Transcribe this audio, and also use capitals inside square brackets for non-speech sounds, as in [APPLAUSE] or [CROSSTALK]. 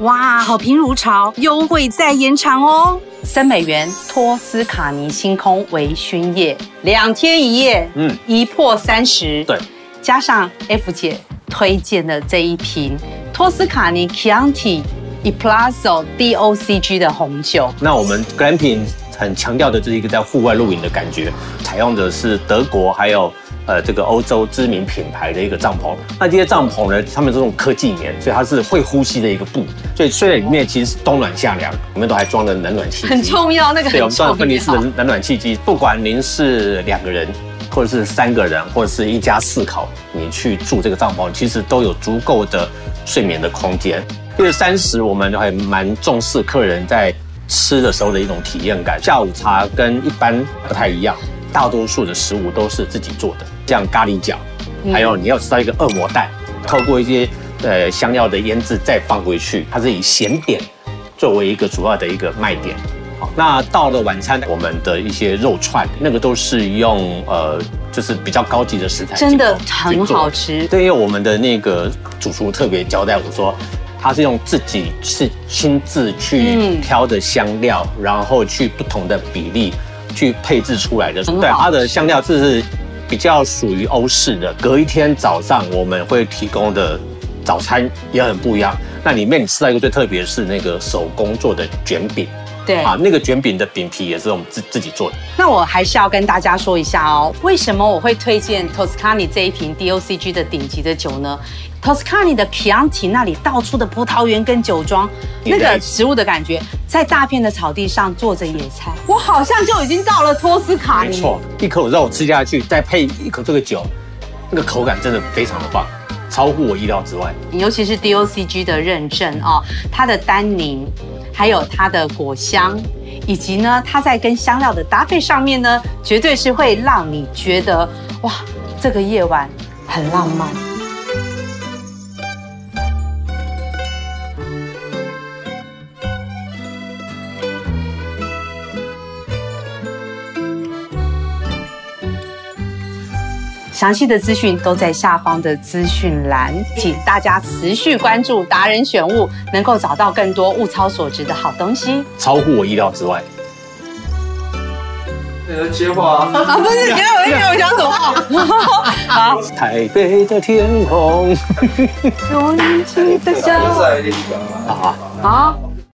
哇，好評如潮，優惠再延長哦。森渼原托斯卡尼星空微醺夜，兩天一夜，嗯，一泊三食，對，加上 F 姐推薦的這一瓶托斯卡尼 Chianti IL PALAZZO DOCG 的紅酒。那我們 Glamping 很強調的這是一個在戶外露營的感覺，採用的是德國還有。呃，這個歐洲知名品牌的一個帳篷，那這些帳篷呢，它們這種科技棉，所以它是會呼吸的一個布，所以睡在裡面其實是冬暖夏涼，裡面都還裝了冷暖氣機，很重要那個很重要。對，我們裝分離式的冷暖氣機，不管您是兩個人，或者是三個人，或者是一家四口，你去住這個帳篷，其實都有足夠的睡眠的空間。因為三十，我們還蠻重視客人在吃的時候的一種體驗感，下午茶跟一般不太一樣。大多數的食物都是自己做的，像咖喱角，還有你要吃到一個惡魔蛋，透過一些呃香料的醃製再放回去，它是以鹹點作為一個主要的一個賣點。好，那到了晚餐，我們的一些肉串，那個都是用呃就是比較高級的食材，真的很好吃。對，因為我們的那個主廚特別交代我說，他是用自己是親自去挑的香料，嗯，然後去不同的比例，去配置出來的，對，它的香料這是比較屬於歐式的。隔一天早上，我們會提供的早餐也很不一樣。那裡面你吃到一個最特別的是那個手工做的捲餅。對啊，那個捲餅的餅皮也是我們自自己做的。那我還是要跟大家說一下哦，為什麼我會推薦托斯卡尼這一瓶 DOCG 的頂級的酒呢？托斯卡尼的皮昂提那裡到處的葡萄園跟酒莊，那個食物的感覺，在大片的草地上做着野餐，我好像就已經到了托斯卡尼。沒錯，一口肉吃下去，再配一口這個酒，那個口感真的非常的棒。超乎我意料之外，尤其是 DOCG 的認證哦，它的丹寧，還有它的果香，以及呢，它在跟香料的搭配上面呢，絕對是會讓你覺得哇，這個夜晚很浪漫。詳細的資訊都在下方的資訊欄，請大家持續關注達人選物，能夠找到更多物超所值的好東西。超乎我意料之外。有人接話啊？不是，你看，啊啊、我聽我講什麼話，啊、 [LAUGHS] 好台北的天空，重 [LAUGHS] 慶的香。啊 [LAUGHS] 啊！ [LAUGHS] [LAUGHS] [LAUGHS]